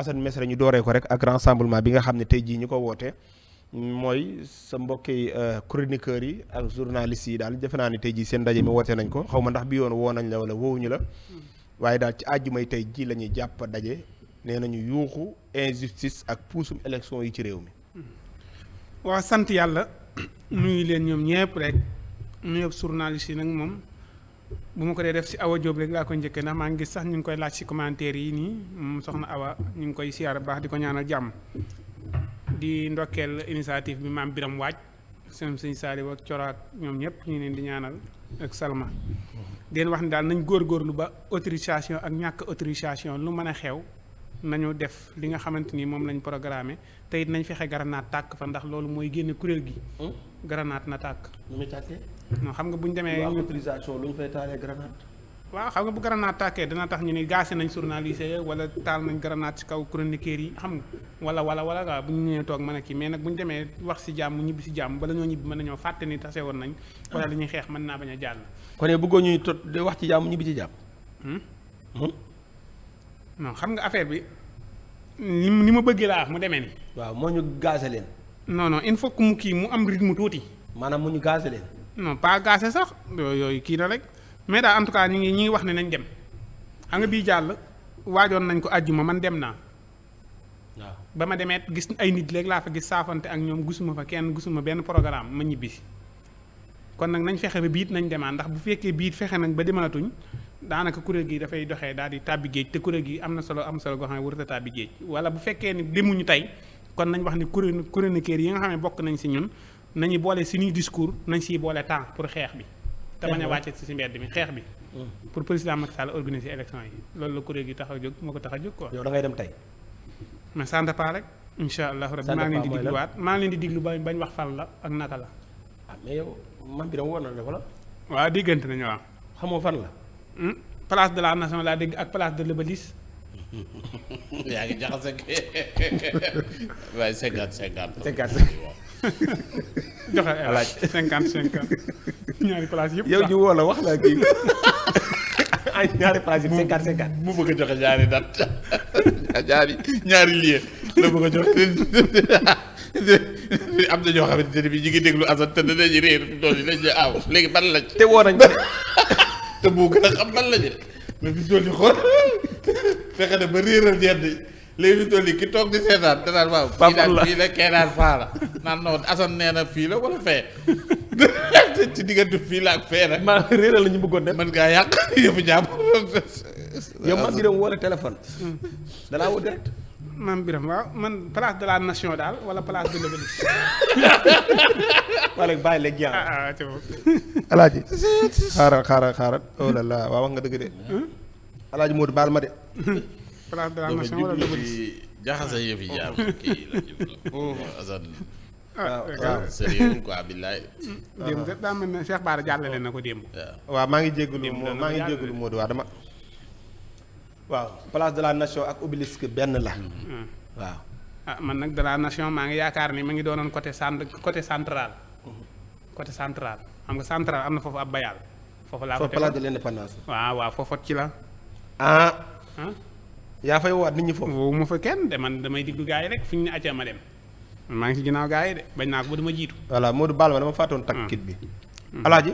Assane Mesre ñu dooree ko rek ak rassemblement bi nga xam ne tey jii ñu ko woote mooy sa mbokki euh, chroniqueurs yi ak journalistes yi daal defe naa ne tey jii seen ndaje mi woote nañ ko xaw ma ndax bi yoon woo nañ la wala woowuñu la hmm. waaye daal ci àjjumay tey jii la ñuy jàpp daje nee nañu yuuxu injustice ak puusum élection yi ci réew mi. Hmm. waa sant yàlla nuyu leen ñoom ñëpp rek nuyu journalistes yi nag moom. bu ma ko dee def si Awa Diop rek laa ko njëkkee ndax maa ngi gis sax ñu ngi koy laaj si commentaire yi nii mm, soxna Awa ñu ngi koy siyaar baax di ko ñaanal jàmm di ndokkeel initiative bi maam Biram Waaj seen sëñ Saliou ak Coraat ñoom ñëpp ñu leen di ñaanal ak Salma. den wax ni daal nañ góorgóorlu ba autorisation ak ñàkk autorisation lu mën a xew nañu def li nga xamante ni moom lañ programmé te it nañ fexe garanaat tàkk fa ndax loolu mooy génne kuréel gi. Hmm? garanaat na tàkk. non xam nga bu ñu demee. autorisation lu fay taalee grenade. waaw xam nga bu grenade tàkkee dina tax ñu ni gaase nañ journaliste wala taal nañ grenade ci kaw chroniqueur yi xam nga wala wala wala waaw bu ñu ñëwee toog mën a kii mais nag bu ñu demee wax si jàmm ñibbi si jàmm bala ñoo ñibbi mën nañoo fàtte ni tase woon nañ. wala li ñuy xeex mën naa bañ a jàll. kon yow bëggoo ñuy tot di wax ci jàmm ñibbi ci jàmm. Hmm? Hmm? non xam nga affaire bi ni ni ma bëggee laa mu demee nii. waaw moo ñu gaase leen. non non il faut que mu kii mu am rythme tuuti. maanaam mu ñu gaase leen. non pas sax yooyu kii na rek mais daal en tout cas ñu ngi ñi ngi wax ne nañ dem xam nga bii jàll waajoon nañ ko àjjuma man dem naa. waaw ba ma demee gis ay nit léegi laa fa gis saafante ak ñoom gisuma fa kenn gisuma benn programme ma ñibbi kon nag nañ fexe ba biit nañ demaat ndax bu fekkee biit fexe nañ ba demaatuñ daanaka kuréel gi dafay doxee daal di tàbbi géej te kuréel gi am na solo am solo goo xam ne warut tàbbi géej wala bu fekkee ni demuñu tey kon nañ wax ni kuréel chroniqueur yi nga bokk nañ si ñun nañu boole suñuy discours nañ siy boole temps pour xeex bi. te bañ a wàcce si si mbedd mi xeex bi. Mm. pour président Macky Sall organiser élection yi loolu la kuréel gi tax a jóg ko tax a jóg quoi. yow dem tey. mais sant pas rek. allah rabi maa ngi leen di leen di diglu ba bañ wax fan la ak naka la. Ah, man bi dama woon na la diggante nañu waaw. xamoo fan la. Hmm? place de la nation laa dégg ak place de l'Obélisque. yaa ngi jaxase waaye cinquante cinquante. cinquante. joxe alaaj cinquante cinquante ñaari place yëpp. yow ñu woo la wax la kii ay ñaari place yëpp cinquante cinquante. mu bëgg a joxe ñaari dat ñaari ñaari lieu la bëgg joxe am na ñoo ne bii ñu ngi déglu Assane réer doon yi lañ ñu aw ah, léegi ban lañ. te woo nañ te bu gën a xam ban lañu mais fi ñu doon di xool fexe na ba réeral ñeent. léegi toll nii ki toog di seetaan fii la fii la kee daan faa la naan non Assane wala fee hmm. de la nation daal nga dëgg de. Hmm? alaaji Modou baal ma de. place de la nation wala du bëri jaxase yëf yi ah. jaar kii la jublu asan ah, ah, ah. sérieux quoi mm, na ko démb waaw maa ngi jégalu moo maa ngi jégalu Modou waa dama waaw place de la nation ak obélisque benn la mm-hmm. mm. waaw ah man nag de la nation maa ngi yaakaar ni ma ngi doonoon côté centre côté central mm-hmm. côté central xam nga central am na foofu ab bayal foofu laa ko place de l'indépendance waaw waaw foofu ci la yaa fay woowaat nit ñi foofu. woowu ma fa kenn de man damay diggu gars yi rek fi ñu ne acca ma dem man maa ngi ci ginnaaw gars yi de bañ naa ko ba dama jiitu. voilà Modou Baal ma dama fàttoon takk ah. kit bi. Hmm. alaaji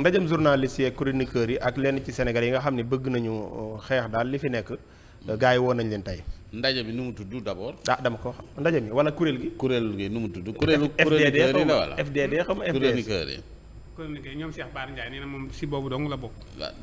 ndajam journaliste yi ak yi ak lenn ci Sénégal yi nga xam ne bëgg nañu euh, xeex daal li fi nekk euh, gars yi woon nañ leen tey. ndaje bi nu mu tudd d' abord. ah dama ko xam ndaje mi wala kuréel gi. kuréel gi nu mu tudd. kuréelu kuréelu kër yi FDD xaw ma communiqué ñoom Cheikh Bara na moom si boobu dong la bokk.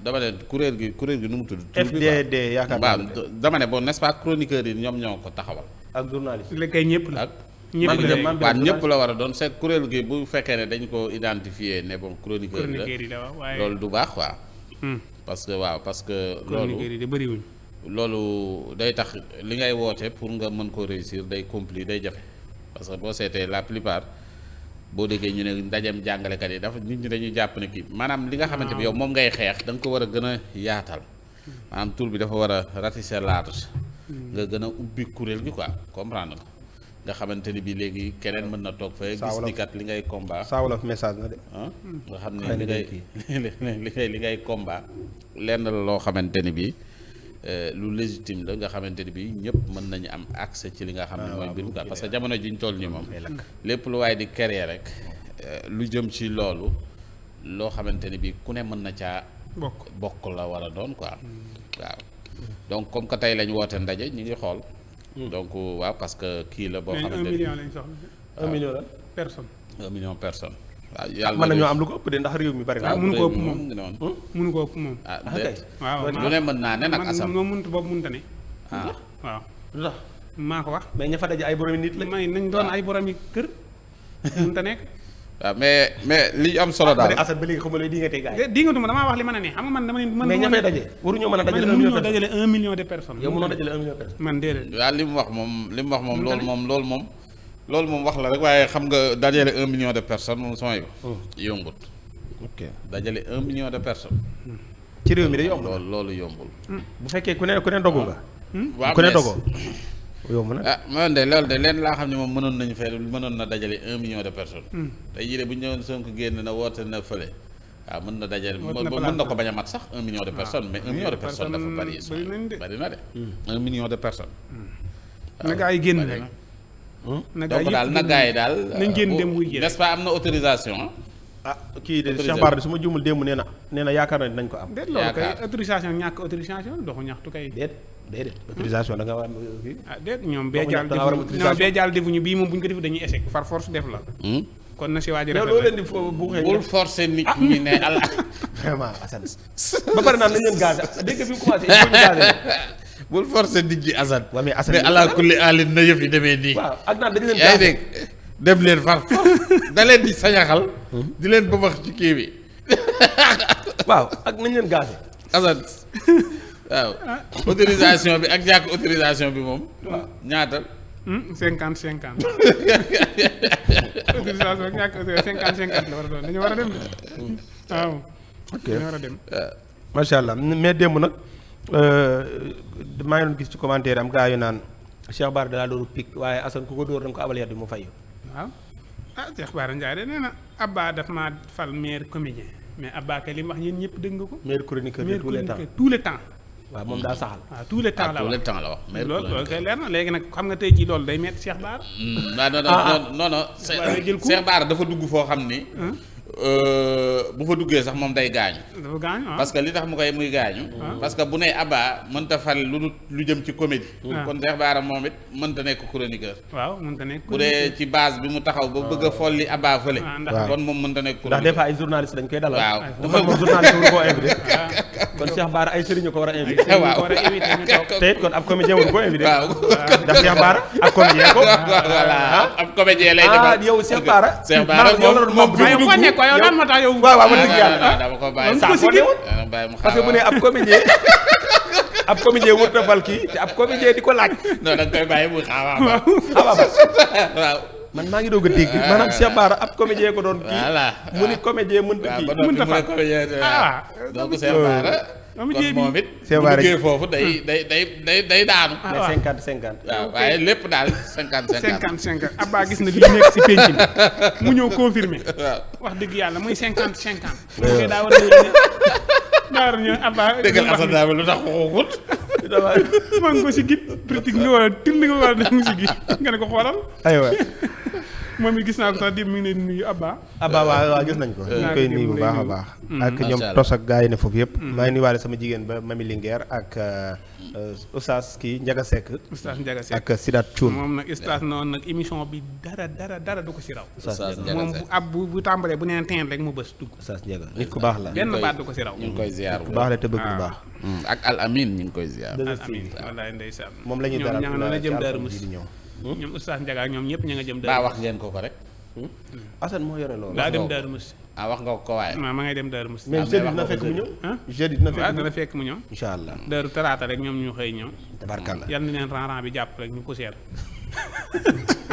dama kuréel gi kuréel gi nu mu tudd. FDD yaakaar naa ne dama ne bon n'est-ce pas yi ñoom ñoo ko taxawal. ak journaliste la kay ñëpp la. ñëpp la waaw ñëpp la war a doon c'est kuréel gi bu fekkee ne dañ ko identifier ne bon chroniqueur yi la loolu du baax waaw. Hmm. parce que waaw parce que. loolu chroniqueur yi de bëriwuñ. loolu day tax li ngay woote pour nga mën koo réussir day compli day jafe parce que boo seetee la plupart boo déggee ñu ne ndajeem jàngalekat yi dafa nit ñi dañuy jàpp ne kii maanaam li nga ah. xamante bi yow moom ngay xeex danga ko war a gën a yaatal maanaam tur bi dafa war a ratisser large hmm. nga gën a ubbi kuréel gi quoi comprendre nga nga xamante ni bi léegi keneen mën na toog fa gis ni kat li ngay combat saa wolof message na de ah? hmm. nga xam ne li ngay li ngay li ngay combat lenn la loo xamante ni bi Euh, lu légitime la nga xamante ni bi ñëpp mën nañu am accès ci li nga xam ne ah, mooy mbirum quoi parce que jamono ji ñu toll ni moom lépp lu waaye di créer rek euh, lu jëm ci loolu loo xamante ni bi ku ne mën na caa bokk bokk la war a doon quoi hmm. waaw donc comme que tey lañ woote ndaje ñu ngi xool hmm. donc waaw parce que kii la boo xamante ni un million ah. la waaw yàlla mën nañoo am lu ko ëpp de ndax réew mi bari na. mënu ko ëpp moom mënu ko ëpp ah, ah, naa ne nag asam moom mënut boobu mënut ne. ah waaw. lu tax ko wax. mais ña fa ay borom la. may nañ doon ah. ay borom yi kër a nekk. waaw a eh, man dama a dajale un million de personnes. yow mënoo dajale un million de personnes. man déedéet. waaw li mu wax moom li mu wax moom loolu moom loolu moom loolu moom wax la rek waaye xam nga dajale un million de personne moom sama mm. yombut. dajale un million de personnes. Mm. ci réew mi day yomb loolu loolu yombul. Mm. bu fekkee ku ne ku ne dogu nga. Ah. waaw ku ne dogoo. yomb na ah man de loolu de leen laa xam ne moom mënoon nañu fee mënoon na dajale un million de personnes. tey bu ñu ñëwoon Sonko génn na woote na fële. waaw ah, mën na dajale mën na ko bañ a mat sax un million de ah. personnes mais un million de personnes dafa bari. bari na de un million gaa yi génn rek. donc daal naggaa yi daal nañ euh, génn dem wuy ji nest am na autorisation ah kii de Cheikh Bara su ma juumul démb nee na nee na yaakaar na dinañ ko am déet loolu kay autorisation ñàkk autorisation doxu ñaxtu kay déet da nga a kii ah déet ñoom bee jaal defuñu ñoom bee jaal defuñu bii moom bu ñu ko defu dañuy échec par force def la hmm? kon na si waaj rek buuxee bul forcé nit ah. ñi ne Allah vraiment Assane ba pare naan nañ leen dégg bi mu commencé bul forcer nit ñi Assane. waa mais Assane mais allah kulli alin na yëf yi demee nii. waaw ak naan dañu leen yaa ngi dégg dem leen far da leen di sañaxal. Hmm? ci kii bi. waaw ak leen gaase. Assane bi ak ñàkk autorisation bi moom. waaw ñaata. Hmm, cinquante cinquante. autorisation war a doon dañu war dem hmm. dañu war a dem. macha allah mais démb nag. Euh, maa ngi doon gis ci commentaire am gaa yu naan Cheikh Bara dalaa dooru pik waaye Assane ku ko dóor da nga ko abal yat bi mu fayu waaw ah Cheikh Bara Ndiaye de nee na Abba daf maa fal meilleur comédien mais Abba kay li wax yéen ñëpp dégg nga ko. meilleur chroniqueur de tous les temps tous les temps. waaw moom daa saxal. waaw ah, tous la wax tous les temps ah, na xam nga tey jii loolu day métti Cheikh Bara. ah non non non non ah. Cheikh dafa dugg foo xam ni. Euh, bu fa duggee sax moom day gaañu. parce que li tax mu koy muy gaañu. parce bu ne Abba mënta fal lu lu jëm ci comédie. kon Cheikh Bara moom it mënta nekk chroniqueur. waaw mënta dee ci base bi mu taxaw ba bëgg a folli Abba fële. kon moom mënta nekk chroniqueur. ndax des fois ay journaliste dañ koy dalal. waaw dafa moom journaliste wu ko invité. kon Cheikh Bara ay sëriñ ko war a invité. waaw kon ab comédien wu ko invité. waaw ndax Cheikh Bara ab comédien ko. voilà ah. ab comédien lay ah, defal. yow lan moo tax yow. waaw waaw wax dëgg yàlla dama ko bàyyi sax parce que bu ne ab comédien ab comédien wut na fal te ab comédien di ko laaj. non nga koy bàyyi mu xaawaaba waaw. Ah, man maa ngi doog a dégg ah. maanaam Cheikh Bara ab comédien ko doon kii mu ni comédien mënta ah, kii mënta fa euh, ah donc Cheikh Bara ah, foofu day day day day day daanu. ah cinquante cinquante. waaw waaye lépp daal cinquante cinquante. cinquante cinquante Abba gis na li nekk si penc mu ñëw confirmé. wax dëgg yàlla muy cinquante cinquante. daa war a daa war a ñëw Abba. dëggal Assane lu tax waxugut. maa ngi ko si git pratique nga war a til nga war a def mu si gi nga ko xoolal aywa moom it gis naa ko sax di mi ngi leen nuyu Abba. Abba waaw waaw gis nañ ko. ñu koy nuyu bu baax a baax. Mm, ak ñoom tos ak gaa yi ne foofu yëpp. Mm. maa ngi nuyuwaale sama jigéen ba Mami Linguère ak euh, Oustaz kii Ndiaga sekk Oustaz Ndiaga Seck ak Sidaat Thioune. moom nag Oustaz noonu nag émission bi dara dara dara du ko si raw. Oustaz Ndiaga Seck moom bu ab bu tàmbalee bu neen teen rek mu bës dugg. Oustaz Ndiaga nit ku baax la. benn baat du ko si raw. ñu ngi koy ziar bu baax la te bëgg bu ah. baax. Mm, ak Al Amin ñu ngi koy ziar. moom la ñuy dara ñoo ña nga ñëw Hmm? ñoom oustaz Ndiaga ñoom ñëpp ñu nga jëm. daa wax ngeen ko ko rek. Hmm? Hmm? Assane moo yore loolu. daa dem Darou Moussi. Ah, wax nga ko waaye. ma ngay dem Darou Moussi. mais ah, jeudi dina fekk mu ñëw. jeudi dina fekk mu ñëw dina fekk mu ñëw. rek ñoom ñu xëy ñëw. tabarkalla yal na leen ran ran bi jàpp rek ñu poussière